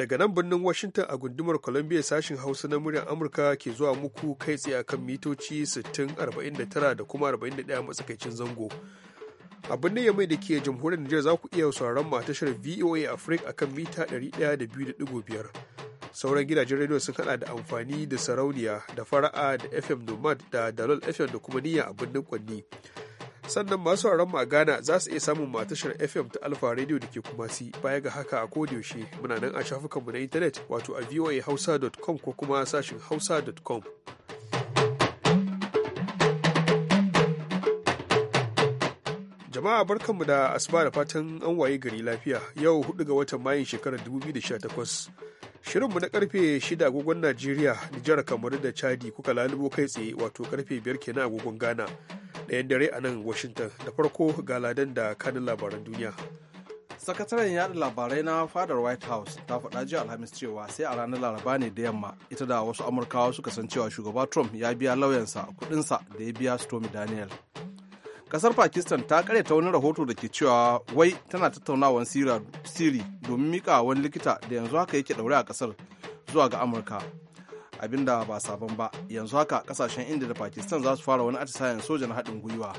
daga nan birnin washington a gundumar columbia sashen hausa na muryar amurka ke zuwa muku kai tsaye akan mitoci 6049 da kuma 41 matsakaicin zango a birnin yamai da ke jamhuriyar nijar za ku iya sauraron ma a tashar voa africa akan mita 102.5 sauran gidajen rediyo sun hada da amfani da sarauniya da fara'a da fm nomad da dalol fm da kuma niyya a birnin kwanni sannan masu mu a Ghana za su iya samun matashar FM ta Alfa Radio da ke kumasi si baya ga haka a yaushe muna nan a shafukanmu na intanet wato a voahausa.com ko kuma sashin hausa.com. Jama'a barkanmu da asuba da fatan an waye gari lafiya yau hudu ga watan Mayun shekarar 2018. Shirinmu na karfe 6 agogon Najeriya, Nijar Kamaru da Chadi kuka lalubo kai tsaye wato karfe 5 kenan agogon Ghana. Ɗayan dare a nan Washington da farko ga ladan da kanin labaran duniya. Sakataren yada labarai na fadar White House ta faɗa jiya Alhamis cewa sai a ranar Laraba ne da yamma ita da wasu Amurkawa suka san cewa shugaba Trump ya biya lauyansa kuɗinsa da ya biya Stormy Daniel. kasar pakistan ta karyata wani rahoto da ke cewa wai tana tattaunawan siri domin mika wani likita da yanzu haka yake daure a kasar zuwa ga amurka abinda ba sabon ba yanzu haka kasashen inda da pakistan za su fara wani atisayen soja na haɗin gwiwa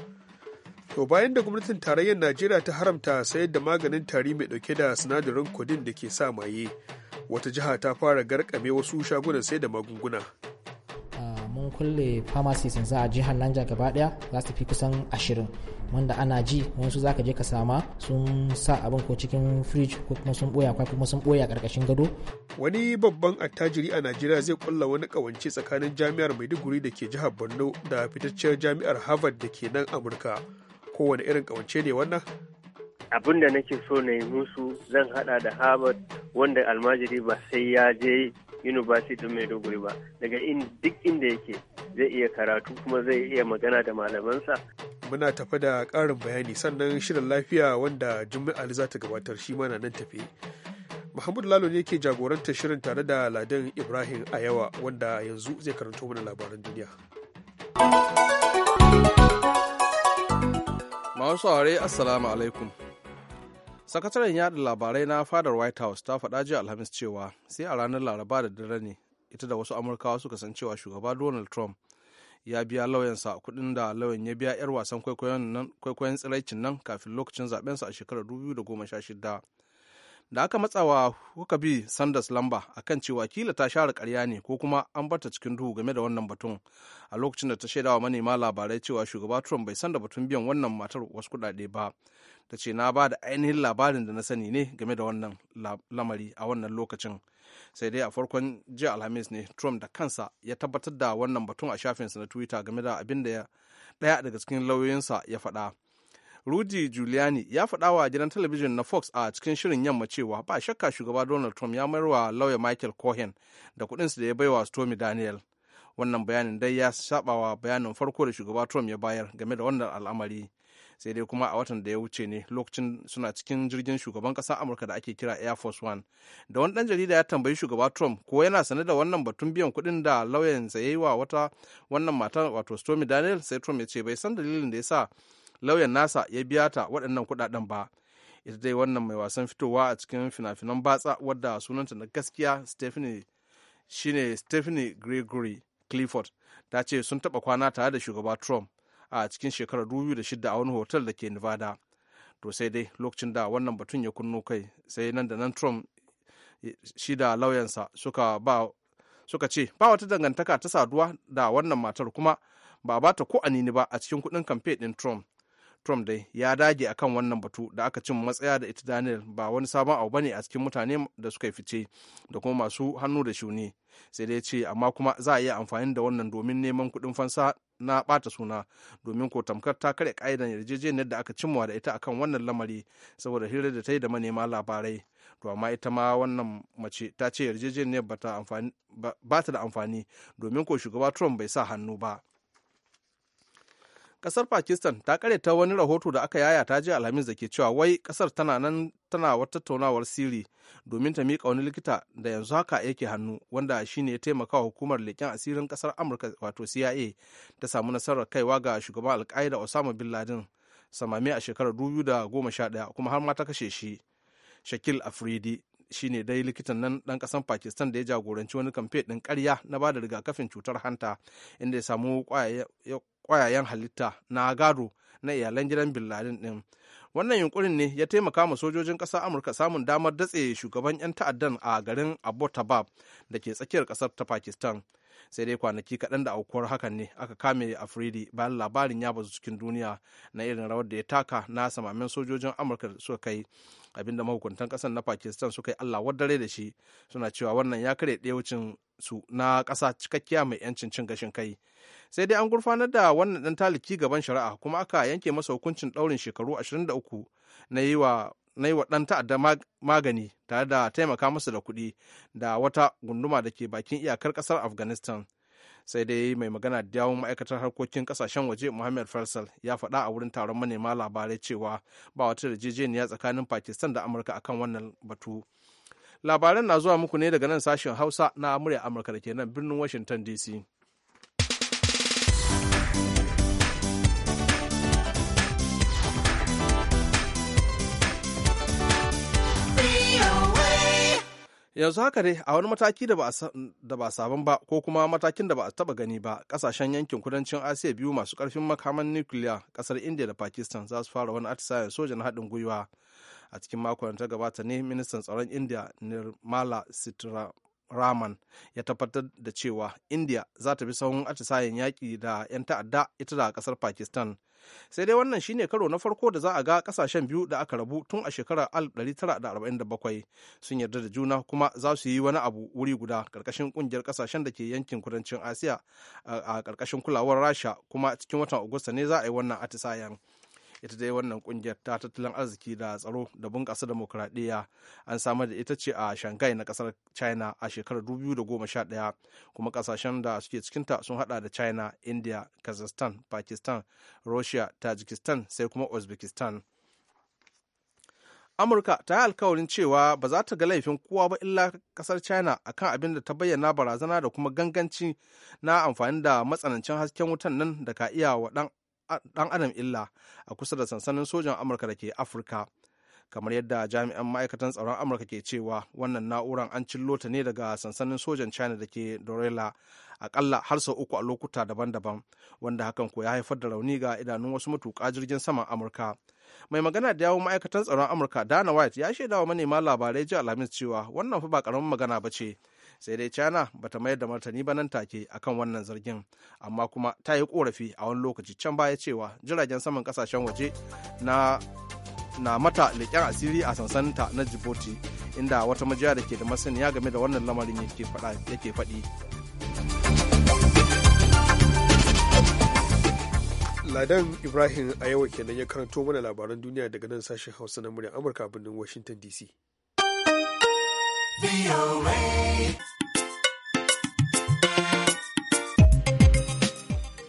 to bayan da gwamnatin tarayyar najeriya ta haramta sayar da maganin tari mai dauke da sinadarin kudin da ke sa maye wata jiha ta fara garkame wasu shagunan sai da magunguna kulle pharmacies yanzu a jihar Niger gaba daya za su fi kusan 20 wanda ana ji wasu za ka je ka sama sun sa abin ko cikin fridge ko kuma sun boya ko kuma sun boya karkashin gado wani babban attajiri a Najeriya zai kulla wani kawance tsakanin jami'ar Maiduguri da ke jihar Borno da fitacciyar jami'ar Harvard da ke nan Amurka kowane irin kawance ne wannan abin da nake so na yi musu zan hada da harvard wanda almajiri ba sai ya je university maiduguri ba daga in duk inda yake zai iya karatu kuma zai iya magana da malamansa muna tafi da karin bayani sannan shirin lafiya wanda juma'a za ta gabatar shi mana nan tafi Muhammadu Lalo ne ke jagorantar shirin tare da Ladan Ibrahim a yawa, wanda yanzu zai karanto mana labaran duniya. Masu saurare Assalamu alaikum. sakataren yada labarai na fadar white house ta faɗa jiya alhamis cewa sai a ranar laraba da dare ne ita da wasu amurkawa suka san cewa shugaba donald trump ya biya lauyansa kuɗin da lauyan ya biya 'yar wasan kwaikwayon tsiraicin nan kafin lokacin zaɓensa a shekarar 2016 da aka matsawa kuka bi sanders lamba a kan cewa kila ta share karya ne ko kuma an bata cikin duhu game da wannan batun a lokacin da ta shaidawa manema labarai cewa shugaba trump bai san da batun biyan wannan matar wasu kuɗaɗe ba ta ce na ba da ainihin labarin da na sani ne game da wannan lamari a wannan lokacin sai dai a farkon jiya alhamis ne trump da kansa ya tabbatar da wannan batun a shafinsa na twitter game da abin da daya daga cikin lauyoyinsa ya faɗa Rudy Giuliani ya faɗa wa gidan talabijin na Fox a cikin shirin yamma cewa ba shakka shugaba Donald Trump ya mayar wa lauya Michael Cohen da kudinsa da ya baiwa Stormy Daniel. Wannan bayanin dai ya saba wa bayanin farko da shugaba Trump ya bayar game da wannan al'amari sai dai kuma a watan da ya wuce ne lokacin suna cikin jirgin shugaban kasa amurka da ake kira air force one da wani dan jarida ya tambayi shugaba trump ko yana sane da wannan batun biyan kuɗin da lauyansa ya yi wa wata wannan mata wato stormy daniel sai trump ya ce bai san dalilin da ya sa lauyan nasa ya biya ta waɗannan kuɗaɗen ba ita dai wannan mai wasan fitowa a cikin fina-finan batsa wadda sunanta na gaskiya stephanie shine stephanie gregory clifford ta ce sun taɓa kwana tare da shugaba trump a cikin shekarar 2006 a wani hotel da ke nevada to sai dai lokacin da wannan batun ya kunno kai sai nan da nan trump shi da lauyansa suka ce ba wata dangantaka ta saduwa da wannan matar kuma ba ba ta ko anini ba a cikin kudin kamfe din trump trump dai ya dage akan wannan batu da aka cin matsaya da ita daniel ba wani sabon abu bane a cikin mutane da suka yi fice da kuma masu hannu da shuni sai dai ce amma kuma za a iya amfani da wannan domin neman kudin fansa na ɓata suna domin ko tamkar ta karya ƙa'idan yarjejeniyar da aka cimma da ita akan wannan lamari saboda hirar da ta yi da manema labarai to amma ita ma wannan mace ta ce yarjejeniyar ba ta da amfani domin ko shugaba trump bai sa hannu ba kasar pakistan ta ta wani rahoto da aka yaya ta ji alhamis da ke cewa wai kasar tana nan tana wata tattaunawar sirri domin ta miƙa wani likita da yanzu haka yake hannu wanda shine ya taimaka wa hukumar leƙen asirin kasar amurka wato cia ta samu nasarar kaiwa ga shugaban alkaida osama bin laden samami a shekarar 2011 kuma har ma ta kashe shi shakil afridi shine dai likitan nan dan kasan pakistan da ya jagoranci wani kamfe din karya na bada rigakafin cutar hanta inda ya samu kwayayen halitta na gado na iyalan gidan bin laden din wannan yunkurin ne ya taimaka ma sojojin ƙasar amurka samun damar datse shugaban 'yan ta'addan a garin abbottabad da ke tsakiyar ƙasar ta pakistan sai dai kwanaki kaɗan da aukuwar hakan ne aka kame afridi bayan labarin ya bazu cikin duniya na irin rawar da ya taka na samamin sojojin amurka suka kai abinda mahukuntan ƙasar na pakistan suka yi allah wadare da shi suna cewa wannan ya karya ɗewucin su na ƙasa cikakkiya mai 'yancin cin gashin kai sai dai an gurfanar da wannan ɗan taliki gaban shari'a kuma aka yanke masa hukuncin ɗaurin shekaru 23 na yi wa na yi wa ɗan ta'adda magani tare da taimaka musu da kuɗi da wata gunduma da ke bakin iyakar ƙasar afghanistan sai dai mai magana da yawon ma'aikatar harkokin ƙasashen waje muhammad faisal ya faɗa a wurin taron manema labarai cewa ba wata yarjejeniya tsakanin pakistan da amurka akan wannan batu labaran na zuwa muku ne daga nan sashen hausa na murya amurka da ke nan birnin washington dc yanzu haka dai a wani mataki da ba sabon ba ko kuma matakin da ba a taba gani ba kasashen yankin kudancin asiya biyu masu karfin makaman nukiliya kasar india da pakistan za su fara wani atisayen sojan haɗin gwiwa a cikin makon ta gabata ne ministan tsaron india nirmala raman ya tabbatar da cewa india za ta bi sahun atisayen yaƙi da 'yan ta'adda ita da kasar pakistan sai dai wannan shine karo na farko da za a ga kasashen biyu da aka rabu tun a shekarar 1947 sun yarda da juna kuma za su yi wani abu wuri guda karkashin kungiyar kasashen da ke yankin kudancin asiya a karkashin kulawar rasha kuma cikin watan agusta ne za a yi wannan atisayen ita dai wannan kungiyar ta tattalin arziki da tsaro da bunƙasa demokuraɗiyya an samar da ita ce a shanghai na ƙasar china a shekarar 2011 kuma ƙasashen da suke cikinta sun hada da china india kazakhstan pakistan russia tajikistan sai kuma uzbekistan amurka ta yi alkawarin cewa ba za ta ga laifin kowa ba illa kasar china akan abin da ta bayyana barazana da kuma ganganci na amfani da matsanancin hasken wutan nan da ka iya wa dan dan adam illa a kusa da sansanin sojan amurka da ke afirka kamar yadda jami'an ma'aikatan tsaron amurka ke cewa wannan na'urar an cillo ta ne daga sansanin sojan china da ke dorela aƙalla har sau uku a lokuta daban-daban wanda hakan ko ya haifar da rauni ga idanun wasu matuƙa jirgin saman amurka mai magana da yawon ma'aikatan tsaron amurka dana white ya shaidawa manema labarai jiya alhamis cewa wannan fa ba karamin magana ba ce sai dai china ta mayar da martani ba nan take akan wannan zargin amma kuma ta yi korafi a wani lokaci can baya cewa jiragen saman kasashen waje na na mata leƙen asiri a sansanta na djibouti inda wata majiya da ke da masaniya game da wannan lamarin yake faɗi ladan ibrahim a kenan ya karanto mana labaran duniya daga nan sashen hausa na murya amurka birnin washington dc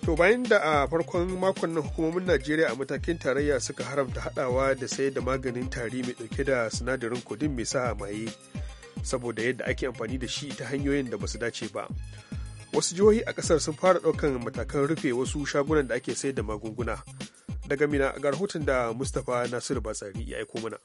To bayan da a farkon makon nan hukumomin Najeriya a matakin tarayya suka haramta hadawa da sayar da maganin tari mai dauke da sinadarin kudin mai sa maye saboda yadda ake amfani da shi ta hanyoyin da basu dace ba. Wasu jihohi a kasar sun fara daukan matakan rufe wasu shagunan da ake sayar da magunguna. Daga mina ga rahoton da Mustapha Nasiru Batsari ya aiko mana.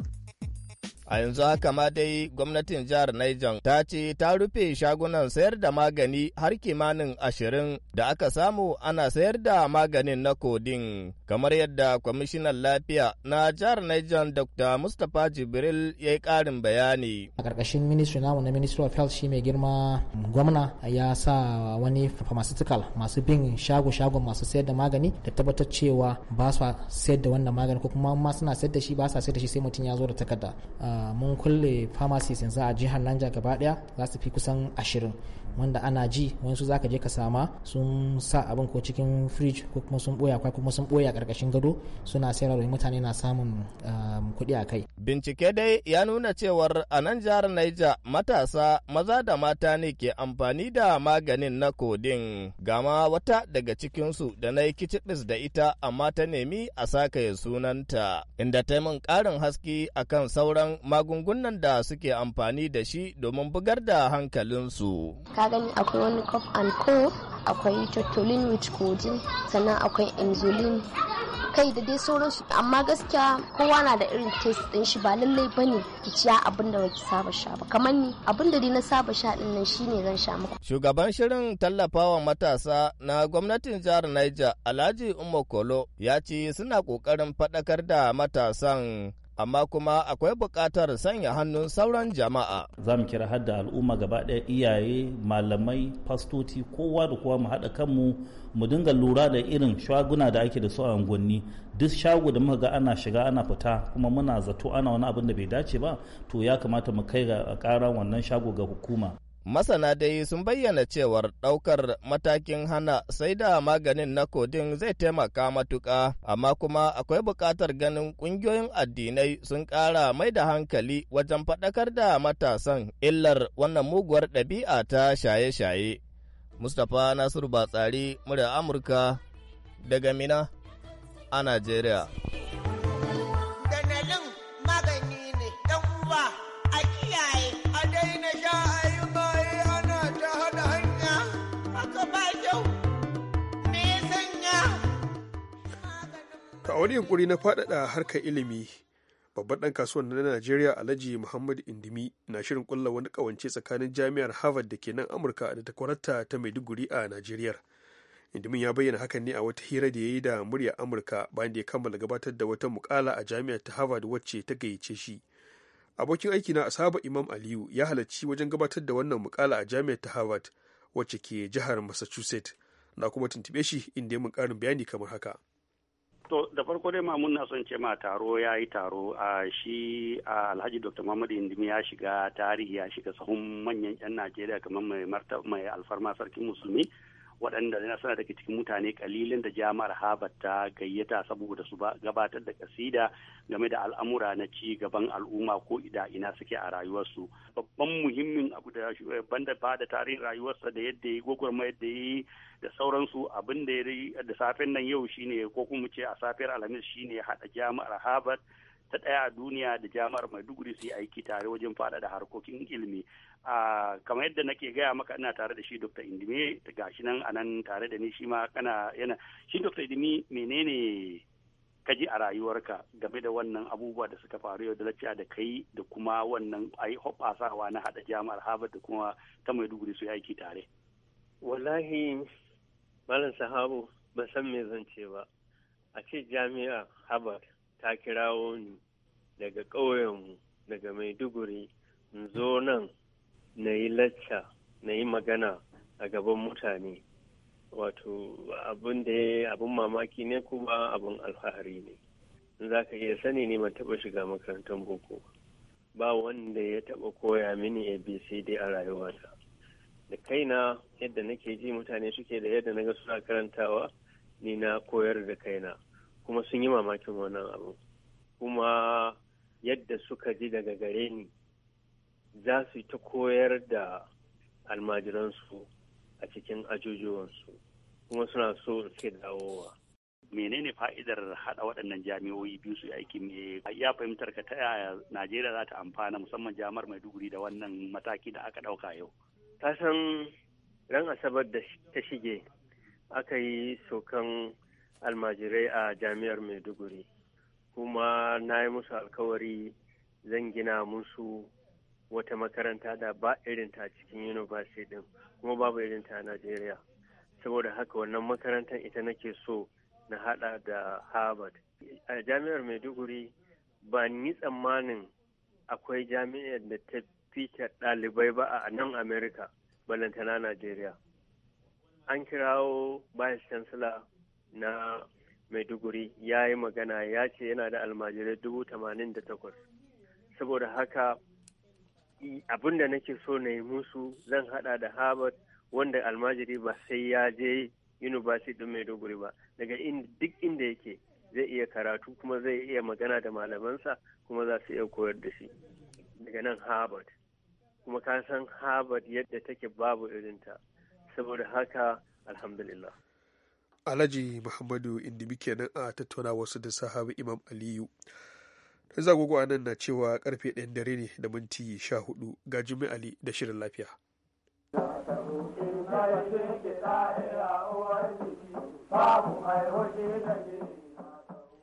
A yanzu haka ma dai gwamnatin jihar Niger ta ce ta rufe shagunan sayar da magani har kimanin ashirin da aka samu ana sayar da maganin na kodin. kamar yadda kwamishinan lafiya na jihar Niger Dr. Mustapha Jibril ya yi karin bayani. A ƙarƙashin ministry namu na Ministry of Health shi mai girma gwamna ya sa wani pharmaceutical masu bin shago-shago masu sayar da magani da tabbatar cewa ba su sayar da wannan magani ko kuma ma suna sayar da shi ba sa sayar da shi sai mutum ya zo da takarda. Ah, mun kulle pharmacies yanzu a jihar Niger gaba ɗaya za su fi kusan ashirin. wanda ana ji su zaka je ka sama sun sa abin ko cikin fridge ko kuma sun boya ko kuma sun boya karkashin gado suna sayarwa mutane na samun um, kuɗi a kai bincike dai ya nuna cewar a nan jihar Niger matasa maza da mata ne ke amfani da maganin na kodin gama wata daga cikinsu da na yi kicibis da ita amma ta nemi a sakaye sunanta inda ta min karin haske akan sauran magungunan da suke amfani da shi domin bugar da hankalinsu. gani akwai wani cup and co akwai tortolin with codeine sannan akwai insulin kai da dai sauransu amma gaskiya kowa na da irin taste din shi ba lallai bane ki ciya abin da baki saba sha ba kamar ni abin da dai na saba sha din nan shine zan sha muku shugaban shirin tallafawa matasa na gwamnatin jihar Niger Alhaji Umar Kolo ya ce suna kokarin fadakar da matasan amma kuma akwai buƙatar sanya hannun sauran jama'a. Za mu kira hadda al'umma gaba ɗaya iyaye, malamai, fastoci, kowa da kowa mu haɗa kanmu mu dinga lura da irin shaguna da ake da su a unguwanni. Duk shago da muka ga ana shiga ana fita kuma muna zato ana wani abin da bai dace ba to ya kamata mu kai ga ƙara wannan shago ga hukuma. Masana dai sun bayyana cewar ɗaukar matakin hana sai da maganin na kodin zai taimaka matuƙa, amma kuma akwai bukatar ganin ƙungiyoyin addinai sun ƙara mai da hankali wajen faɗakar da matasan illar wannan muguwar ɗabi'a ta shaye-shaye. Mustapha Nasiru Batsari, murya Amurka, daga Mina a Najeriya. ta a wani yunkuri na faɗaɗa harkar ilimi babban ɗan kasuwan na najeriya alhaji muhammad indimi na shirin ƙulla wani ƙawance tsakanin jami'ar harvard da ke nan amurka da ta kwararta ta maiduguri a najeriya indimin ya bayyana hakan ne a wata hira da ya yi da muryar amurka bayan da ya kammala gabatar da wata mukala a jami'ar ta harvard wacce ta gayyace shi abokin aiki na asaba imam aliyu ya halarci wajen gabatar da wannan mukala a jami'ar ta harvard wacce ke jihar massachusetts na kuma tuntube shi inda ya mun karin bayani kamar haka To da farko dai mamun na son ce ma taro ya yi taro a shi Alhaji Dr. Muhammadu Indimi ya shiga tarihi ya shiga sahun manyan 'yan Najeriya kamar mai alfarma sarkin musulmi waɗanda na sana daga cikin mutane kalilin da jami'ar Harvard ta gayyata saboda su gabatar da kasida game da al'amura na ci gaban al'umma ko ida ina suke a rayuwarsu babban muhimmin abu da eh, banda ba da tarihin rayuwarsa da yadda ya gwagwarma yadda ya da sauransu abin da ya da safen nan yau shine ko kuma ce a safiyar alhamis shine ya haɗa jami'ar Harvard ta ɗaya a duniya da jami'ar maiduguri su yi aiki tare wajen faɗaɗa harkokin ilimi a kamar yadda nake gaya maka ina tare da shi dr indimi ga shi nan a nan tare da ni shi ma kana yana shi dr indimi menene ka ji a rayuwarka game da wannan abubuwa da suka faru yau da lafiya da kai da kuma wannan ai hoɓasawa na haɗa jami'ar harvard da kuma ta maiduguri su yi aiki tare wallahi malam sahabu ban san me zan ce ba a ce jami'a harvard ta kirawo ni daga ƙauyenmu daga maiduguri in zo nan na yi lacca na yi magana a gaban mutane wato abin da abin mamaki ne kuma abin alfahari ne za ka iya sani ne ban taɓa shiga makarantar boko ba wanda ya taɓa koya mini abcd a rayuwata da kaina yadda nake ji mutane suke da yadda na ga suna karantawa ni na koyar da kaina kuma sun yi mamakin wannan abu kuma yadda suka ji daga gare ni za su ta koyar da almajiransu a cikin ajujuwansu kuma suna so suke dawowa menene fa'idar hada waɗannan jami'o'i biyu su aiki ne ya fahimtar ka ta yaya najeriya za ta amfana musamman jami'ar maiduguri da wannan mataki da aka ɗauka yau ta san ran asabar da ta shige aka yi sokan almajirai a jami'ar maiduguri kuma na yi musu alkawari zan gina musu wata makaranta da ba irinta cikin university din kuma babu irinta a najeriya saboda haka wannan makarantar ita nake so na hada da harvard a jami'ar maiduguri ba ni tsammanin akwai jami'ar da ta fita ɗalibai ba a nan america balantana najeriya an kirawo vice chancellor na maiduguri ya yi magana ya ce yana da almajirai dubu tamanin da takwas saboda haka abin da nake so na yi musu zan hada da harvard wanda almajiri ba sai ya je university din maiduguri ba daga duk inda yake zai iya karatu kuma zai iya magana da malamansa kuma za su iya koyar da shi daga nan harvard kuma ka san harvard yadda take babu irinta saboda haka alhamdulillah alhaji muhammadu indibi kenan a tattauna wasu da sahabi imam aliyu dan zagogo a nan na cewa karfe ɗayan dare ne da minti sha hudu ga jimmy ali da shirin lafiya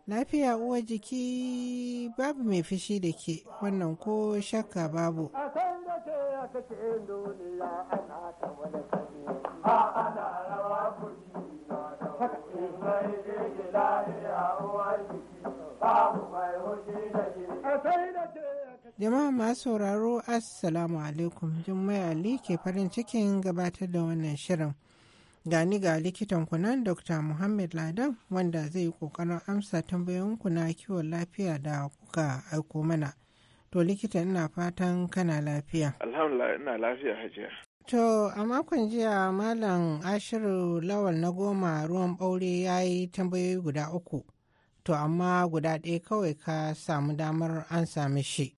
lafiya uwa jiki babu mai fushi da ke wannan ko shakka babu a Jama'a masu sauraro Assalamu alaikum Jummai Ali ke farin cikin gabatar da wannan shirin. Gani ga likitan kunan Dr. Muhammad Ladan wanda zai yi kokarin amsa tambayoyinku na kiwon lafiya da kuka aiko mana. To likita ina fatan kana lafiya. Alhamdulillah ina lafiya hajiya. To, a makon jiya Malam Ashiru Lawal na goma ruwan ɓaure ya yi tambayoyi guda uku, to amma guda ɗaya kawai ka samu damar an sami shi.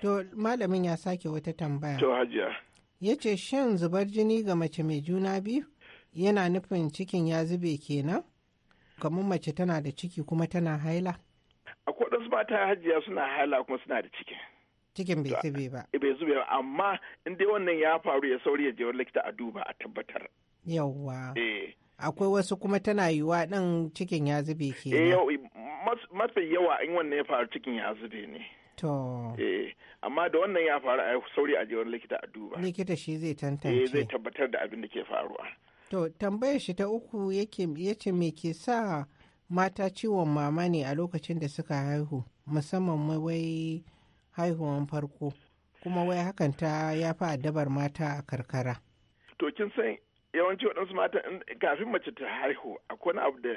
To, malamin ya sake wata tambaya. To, hajiya. Ya ce, shan zubar jini ga mace mai juna biyu yana nufin cikin ya zube kenan? Kamar mace tana da ciki kuma tana haila? Akwai waɗansu mata hajiya suna haila kuma suna da ciki. cikin bai zube ba eh, bai zube ba amma in dai wannan ya faru ya sauri ya je wani likita a duba a tabbatar yawwa eh akwai wasu kuma tana yiwuwa ɗin cikin ya zube ke eh, eh, mafi yawa in wannan ya faru cikin ya zube ne to eh amma da wannan ya faru a sauri a je wani likita a duba likita shi zai tantance eh zai tabbatar da abin da ke faruwa to tambayar shi ta uku yake yace me ke sa mata ciwon mama ne a lokacin da suka haihu musamman wai haihuwan farko kuma wai hakan ta ya fi addabar mata a karkara. To kin san yawanci waɗansu mata kafin mace ta haihu akwai abu da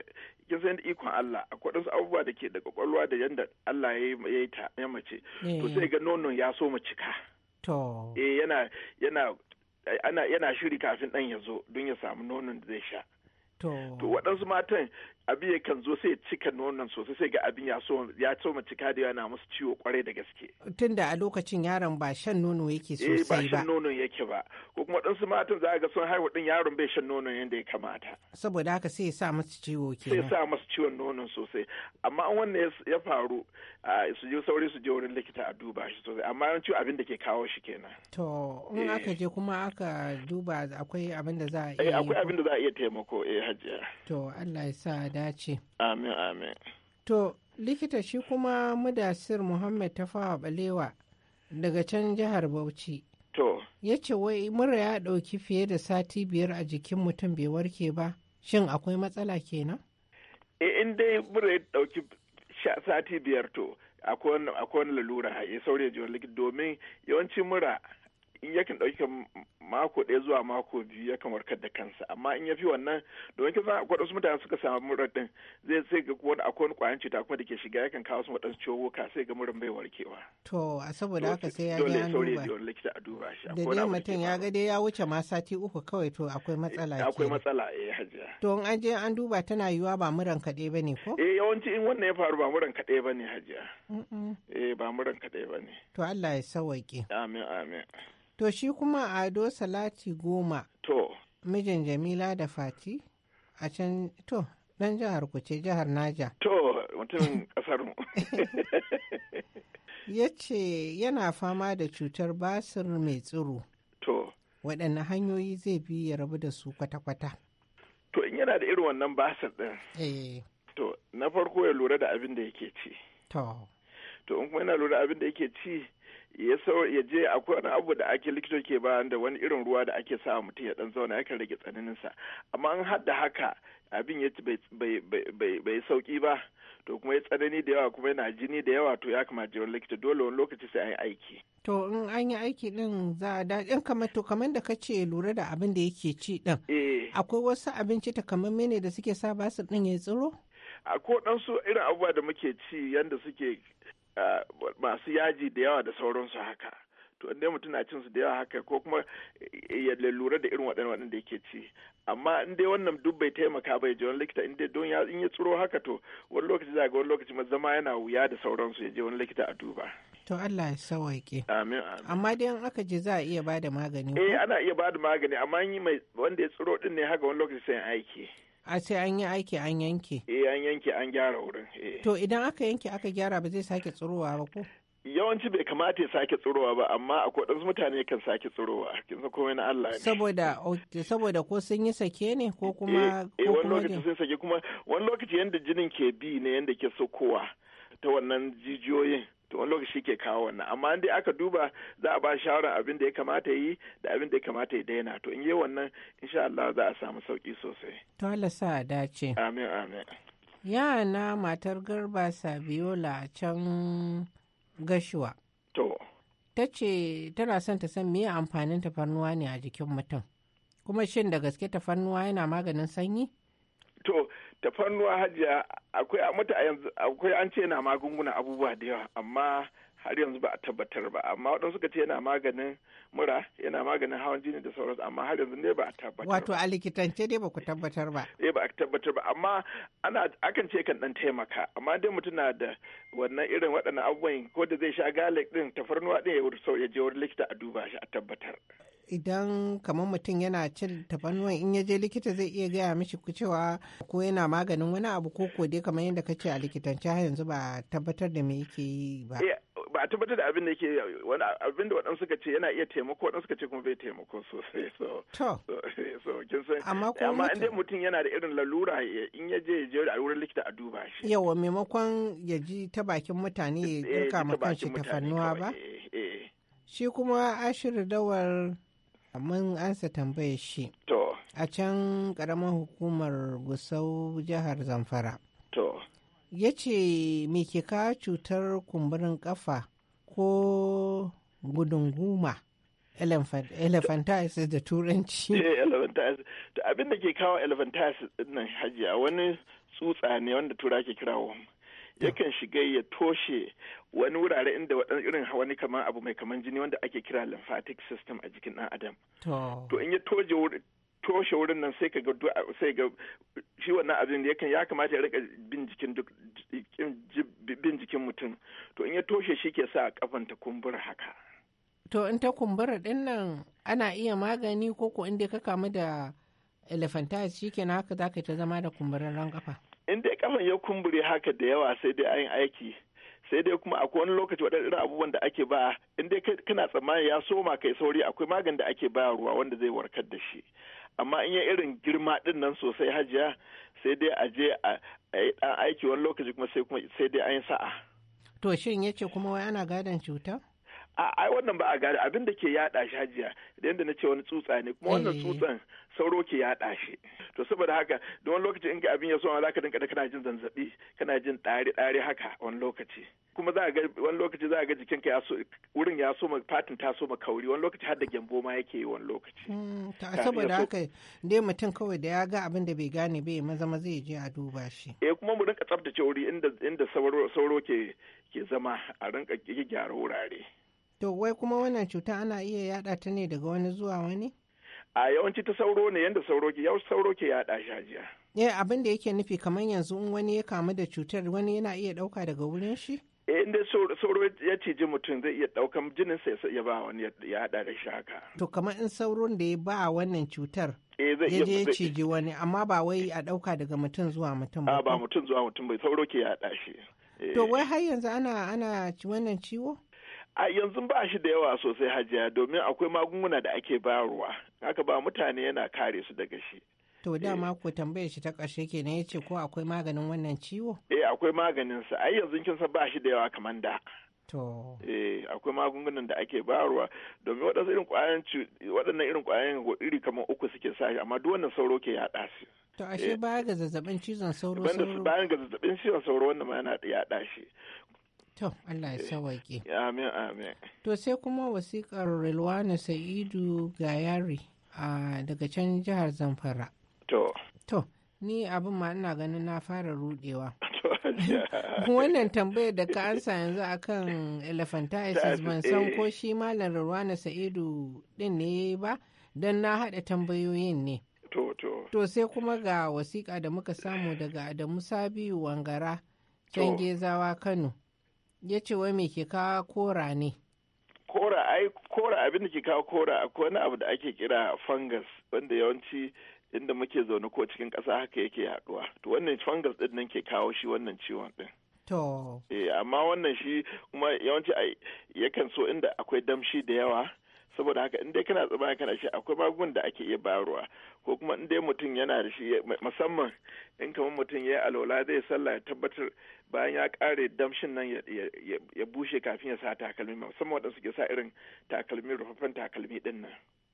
kin san ikon Allah akwai waɗansu abubuwa da ke da kwakwalwa da yadda Allah ya yi ta ya mace to eh. sai ga nonon ya so mu cika. To. Eh yana yana ana yana shiri kafin ɗan ya zo don ya samu nonon da zai sha. To waɗansu matan abin kan zo sai cika nonon sosai sai ga abin ya so ya soma cika da yana musu ciwo kwarai da gaske. Tunda a lokacin yaron ba shan nono yake eh, sosai ba. ba shan nono yake ba. Ko kuma waɗansu matan za ga sun haihu ɗin yaron bai shan nonon yadda ya kamata. Saboda haka sai ya sa musu ciwo ke. Sai ya sa musu ciwon nonon sosai. Amma an wannan ya faru su je sauri su je wurin likita a duba shi sosai amma ciwo abin da ke kawo shi kenan. To in aka eh. je kuma aka duba akwai abin da za a eh, iya. Akwai abin da za a iya taimako eh hajiya to allah ya sa dace amin amin to likita shi kuma mudasir muhammad tafawa balewa daga can jihar bauchi to ya ce wai mura ya ɗauki fiye da sati biyar a jikin mutum bai warke ba shin akwai matsala kenan e in dai mura ya ɗauki sati biyar to akwai wani lalura ya saurin jiwon likita domin yawancin mura yakan ɗauki mako ɗaya zuwa mako biyu ya warkar da kansa amma in ya fi wannan domin kin san akwai wasu mutane suka samu murar din zai sai ga wani akwai kwayan cuta kuma da ke shiga yakan kawo su waɗansu ka sai ga murar bai warkewa. to a saboda haka sai ya ga a duba da dai mutum ya ga dai ya wuce ma sati uku kawai to akwai matsala eh, akwai matsala eh hajiya to in an je an duba tana yiwuwa ba muran kaɗai ba ne ko eh yawanci in wannan ya faru ba muran kaɗai ba ne hajiya eh ba muran kaɗai ba ne to Allah ya sawaƙe amin amin To shi kuma Ado Salati Goma. To. Mijin Jamila da Fati a can to dan jihar ku ce jihar Naja. To mutumin kasar mu. Ya ce yana fama da cutar basir mai tsiro. To. Waɗanne hanyoyi zai bi ya rabu da su kwata-kwata. To in yana da irin wannan basir ɗin. Eh. To na farko ya lura da abin da yake ci. To. To in kuma yana lura da abin da yake ci ya so ya je akwai wani abu da ake likito ke bayan da wani irin ruwa da ake sa mutum ya dan zauna yakan rage tsananin sa amma an hadda haka abin ya bai sauki ba to kuma ya tsanani da yawa kuma yana jini da yawa to ya kamata jiran likita dole wani lokaci sai an yi aiki. To in an yi aiki din za a da in kamar to kamar da kace lura da abin da yake ci din. Eh. Akwai wasu abinci kamar ne da suke sa basu din ya tsiro? A ko dan su irin abubuwa da muke ci yanda suke masu yaji da yawa da sauransu haka to inda mutum na cin su da yawa haka ko kuma eh, ya lura da irin waɗannan waɗanda yake ci amma in dai wannan duk bai taimaka bai je wani likita in dai don ya in ya tsiro haka to wani lokaci za ga wani lokaci ma zama yana wuya da sauransu ya je wani likita a duba to Allah ya sawaike amin amin amma dai in aka je za a iya bada magani eh ana iya bada magani amma yi mai wanda ya tsiro din ne haka wani lokaci sai aiki a sai an yi aiki an yanke eh an yanke an gyara wurin eh. to idan aka yanke aka gyara ba zai sake tsirowa ba ko yawanci bai kamata ya sake tsirowa ba amma akwai ɗansu mutane kan sake tsirowa kin san komai na Allah ne saboda saboda ko sun yi sake ne ko eh, kuma eh wani lokaci sun sake kuma wani lokaci yanda jinin ke bi ne yanda ke sokowa ta wannan jijiyoyin to wani lokaci ke kawo wannan amma dai aka duba za a ba shawarar abin da ya kamata yi da abin da ya kamata ya daina to in yi wannan insha Allah za a samu sauki sosai to Allah sa a dace amin amin yana matar garba sabiola can gashuwa to ta ce tana son ta san meye amfanin tafarnuwa ne a jikin mutum kuma shin da gaske tafarnuwa yana maganin sanyi to tafarnuwa hajiya akwai a mata yanzu akwai an ce yana magunguna abubuwa da yawa amma har yanzu ba a tabbatar ba amma wadanda suka ce yana maganin mura yana maganin hawan jini da sauransu amma har yanzu ne ba a tabbatar wato a likitance dai ba ku tabbatar ba eh ba a tabbatar ba amma ana akan ce kan dan taimaka amma dai mutum na da wannan irin waɗannan abubuwan ko da zai sha galik din tafarnuwa din ya je wurin likita a duba shi a tabbatar idan kamar mutum yana cin tafarnuwan in ya je likita zai iya gaya mishi cewa ko yana maganin wani abu ko ko dai kamar yadda kace a likitance har yanzu ba tabbatar da me yake yi ba eh, ba a tabbatar da abin da yake wani abin da waɗansu suka ce yana iya taimako waɗansu suka ce kuma bai taimako sosai so so kin san amma in dai mutum yana da irin lalura in ya je je a wurin likita a duba shi yawa maimakon ya ji ta bakin mutane ya girka eh, ma ta tafannuwa ba eh, shi kuma ashirin dawar mun ansa tambaye shi a can karamar hukumar gusau jihar zamfara ya ce me ke kawo cutar kumburin kafa ko gudun guma elephantiasis da turanci eh, abin da ke kawo elephantiasis din nan hajiya wani tsutsa ne wanda tura ke kira yakan shiga ya toshe wani wurare inda irin wani kamar abu mai kamar jini wanda ake kira lymphatic system a jikin ɗan adam to in ya toje toshe wurin nan sai ka ga sai ga shi wannan abin da yakan ya kamata ya rika bin jikin duk bin jikin mutum to in ya toshe shi ke sa kafan ta kumbura haka to in ta kumbura din nan ana iya magani ko ko inda ka kamu da elephantitis shi kenan haka zaka ta zama da kumburin ran kafa in dai kafan ya kumbure haka da yawa sai dai ayin aiki sai dai kuma akwai wani lokaci waɗannan abubuwan da ake ba in dai kana tsammani ya soma kai sauri akwai magani da ake ruwa wanda zai warkar da shi amma in ya irin girma din nan sosai hajiya sai dai a je a aiki wani lokaci kuma sai kuma sai dai an sa'a to shin yace kuma wai ana gadon cuta a wannan ba a gari abin da ke yaɗa shi hajiya da yadda na ce wani tsutsa ne kuma wannan eh. tsutsan sauro ke yada shi to saboda haka da wani lokaci in ka abin ya so ma zaka dinka kana jin zanzabi kana jin ɗari ɗari haka wani lokaci kuma za ga wani lokaci za ga jikin ka wurin ya so ma fatin ta so ma kauri wani lokaci har da gembo ma yake yi wani lokaci hmm, to saboda haka dai mutum kawai da ya ga abin da bai gane bai maza zama zai je a duba shi eh kuma mu rinka tsaftace wuri inda inda sauro ke ke zama a rinka gyara wurare To wai kuma wannan cuta ana iya yada ta ne daga wani zuwa wani? A yawanci ta sauro ne yadda sauro ke yau sauro ke yada shi hajiya. Eh abin da yake nufi kamar yanzu in wani ya kamu da cutar wani yana iya dauka daga wurin shi? Eh inda sauro ya ciji mutum zai iya daukan jinin sa ya ba wani ya hada da shi haka. To kamar in sauron da ya ba wannan cutar eh, ya je ya ciji wani amma ba wai a dauka daga mutum zuwa mutum ba. ba mutum zuwa mutum bai sauro ke yada shi. To eh. wai har yanzu ana ana wannan ciwo? a yanzu ba shi da yawa sosai hajiya domin akwai magunguna da ake bayarwa haka ba mutane yana kare su daga shi to eh. dama ku tambayar shi ta ƙarshe kenan ya ce ko akwai maganin wannan ciwo eh akwai maganin sa ai yanzu kin sa ba shi da yawa kamar da to eh akwai magungunan da ake bayarwa domin waɗannan irin ƙwayan waɗannan irin ƙwayan iri kamar uku suke sa amma duk wannan sauro ke yaɗa shi. To ashe eh. baya ga zazzabin cizon sauro sauro. Bayan ga zazzabin cizon sauro wannan ma yana yaɗa shi. To, Allah ya sawaƙe. Amin, amin. To, sai kuma wasiƙar Rilwana Sa'idu Gayari daga can jihar Zamfara. To. To, ni abin ma ina ganin na fara rudewa. Wannan tambayar da ka ansa yanzu a akan elephantiasis ban san ko eh. shi malam Rilwana Sa'idu din ne ba, don na haɗa tambayoyin ne. To, to. To, sai kuma ga wasiƙa da muka samu daga Adamu Sabiu Wangara, can Gezawa Kano. ya ce wai me ke kawo kora ne kora ai kora abin da ke kawo kora akwai wani abu da ake kira fungus wanda yawanci inda muke zaune ko cikin ƙasa haka yake haɗuwa to wannan fungus din nan ke kawo shi wannan ciwon din to eh amma wannan shi kuma yawanci yakan so inda akwai damshi da yawa saboda haka in dai kana tsibaya kana shi akwai magungunan da ake iya bayarwa ko kuma in dai mutum yana da shi musamman in kamar mutum ya yi alwala zai sallah ya tabbatar bayan ya kare damshin nan ya bushe kafin ya sa takalmi musamman waɗanda suke sa irin takalmi rufaffen takalmi din nan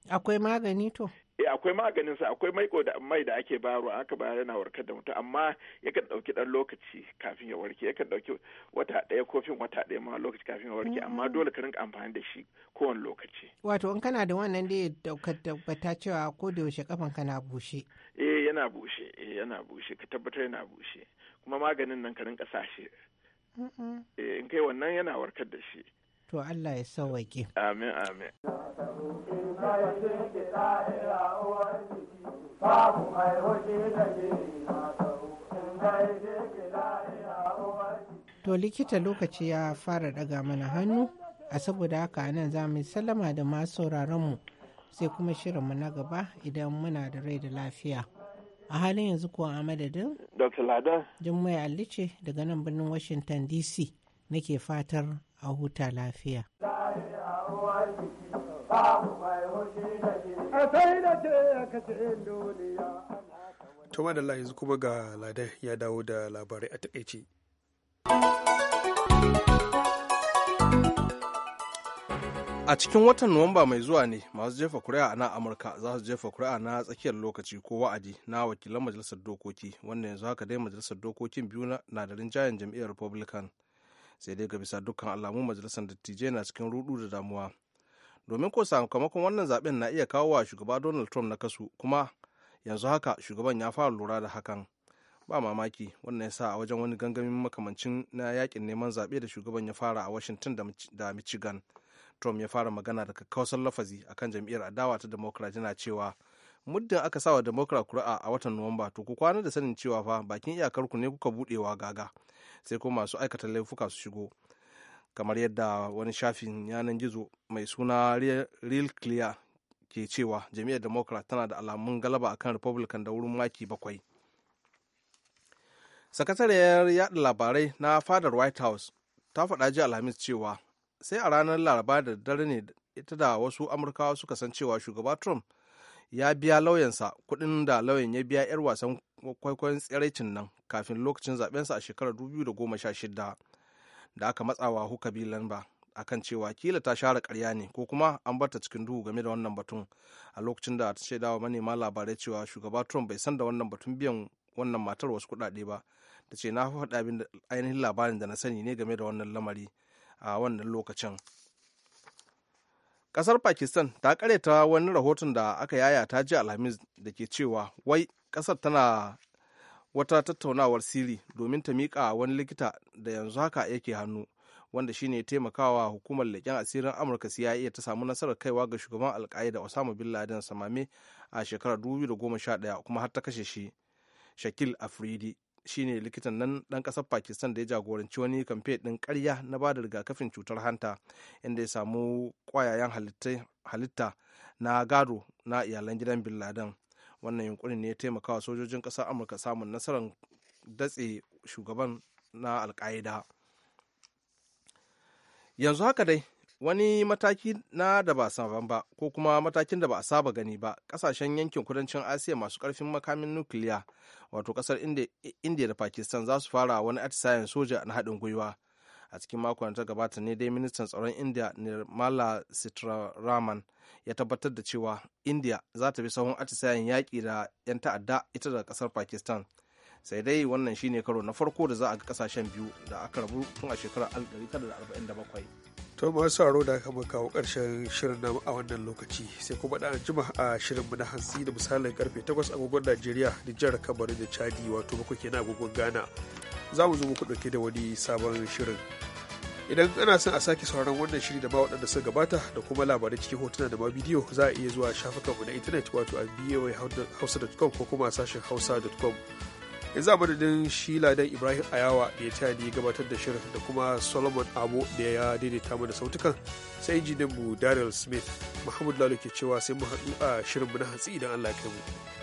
Akwai magani to? Eh akwai maganin sa akwai maiko da mai da ake bayarwa aka bayar yana warkar da mutum amma yakan dauki dan lokaci kafin ya warke yakan dauki wata daya kofin wata daya ma lokaci kafin ya warke amma mm. dole ka rinka amfani da shi kowane lokaci. Wato in kana da wannan da ya daukar tabbata cewa ko da yaushe kafan ka na bushe. Eh yana bushe eh yana bushe ka tabbatar yana bushe kuma maganin nan ka rinka sa shi. Eh, in kai wannan yana warkar da shi. To Allah ya sawaƙe. Amin amin. To likita lokaci ya fara daga mana hannu, a saboda haka nan za mu sallama da masu mu sai kuma shirinmu na gaba idan muna da rai da lafiya. A halin yanzu kuwa a madadin? Dr. Ladan. Jummai Alice daga nan birnin Washington DC nake fatar a huta lafiya. Tuma da yanzu kuma ga ya dawo da labarai a takaici. a cikin watan nuwamba mai zuwa ne masu jefa kuri'a a nan amurka za su jefa kuri'a na tsakiyar lokaci ko wa'adi na wakilan majalisar dokoki wannan yanzu haka dai majalisar dokokin biyu na da rinjayen jam'iyyar republican sai dai ga bisa dukkan alamu majalisar dattijai na cikin rudu da damuwa domin ko sakamakon wannan zaben na iya kawo wa shugaba donald trump na kasu kuma yanzu haka shugaban ya fara lura da hakan ba mamaki wannan ya sa a wajen wani gangamin makamancin na yakin neman zaɓe da shugaban ya fara a washington da michigan trump ya fara magana da kakkausar lafazi akan jam'iyyar adawa ta democrat yana cewa muddin aka sawa democrat kuri'a a watan nuwamba to ku kwana da sanin cewa fa bakin iyakar ku ne kuka budewa gaga sai kuma masu aikata laifuka su shigo kamar yadda wani shafin yanar gizo mai suna real clear ke cewa jami'ar democrat tana da alamun galaba akan republican da wurin maki bakwai sakatariyar yada labarai na fadar white house ta faɗa ji alhamis cewa sai a ranar laraba da dare ne ita da wasu amurkawa suka san cewa shugaba trump ya biya lauyansa kuɗin da lauyan ya biya 'yar wasan kwaikwayon tsiraicin nan kafin lokacin zaɓensa a shekarar 2016 da aka matsawa ba a akan cewa kila ta share karya ne ko kuma an barta cikin duhu game da wannan batun a lokacin da ta shaidawa manema labarai cewa shugaba trump bai san da wannan batun biyan wannan matar wasu kuɗaɗe ba ta ce na faɗa abin ainihin labarin da na sani ne game da wannan lamari a wannan lokacin ƙasar pakistan ta karyata wani rahoton da aka yaya ta ji alhamis da ke cewa wai kasar tana wata tattaunawar sirri domin ta miƙa wani likita da yanzu haka yake hannu wanda shine ya taimakawa hukumar leƙen asirin amurka cia ta samu nasarar kaiwa ga shugaban alkaida osama bin laden samame a shekarar 2011 kuma har ta kashe shi shakil afridi shine likitan nan dan kasar pakistan da ya jagoranci wani kamfe din karya na bada rigakafin cutar hanta inda ya samu kwayayen halitta na gado na iyalan gidan bin laden wannan yunkurin ne ya taimakawa sojojin ƙasar amurka samun nasarar datse shugaban na alka'ida yanzu haka dai wani mataki na da ba saban ba ko kuma matakin da ba a saba gani ba kasashen yankin kudancin asiya masu karfin makamin nukiliya wato kasar indiya da pakistan za su fara wani atisayen soja na haɗin gwiwa a cikin makon da ta gabata ne dai ministan tsaron india nirmala sitraraman ya tabbatar da cewa india za ta bi sahun atisayen yaƙi da 'yan ta'adda ita da ƙasar pakistan sai dai wannan shine karo na farko da za a ga kasashen biyu da aka rabu tun a shekarar 1947 to masu da aka kawo karshen shirin na a wannan lokaci sai kuma da jima a shirin mu na hansi da misalin karfe 8 agogon Najeriya Nijar Kamaru da Chadi wato bakwai kenan agogon Ghana za mu zo muku ɗauke da wani sabon shirin idan kana son a sake sauran wannan shiri da ba waɗanda suka gabata da kuma labarai cikin hotuna da ma bidiyo za a iya zuwa shafukanmu na intanet wato a voahausa.com ko kuma sashen hausa.com yanzu a madadin shila dan ibrahim ayawa da ya taya ni gabatar da shirin da kuma solomon abu da ya daidaita mana sautukan sai mu daryl smith muhammadu lalo ke cewa sai mu haɗu a shirin mu na hatsi idan allah ya kai mu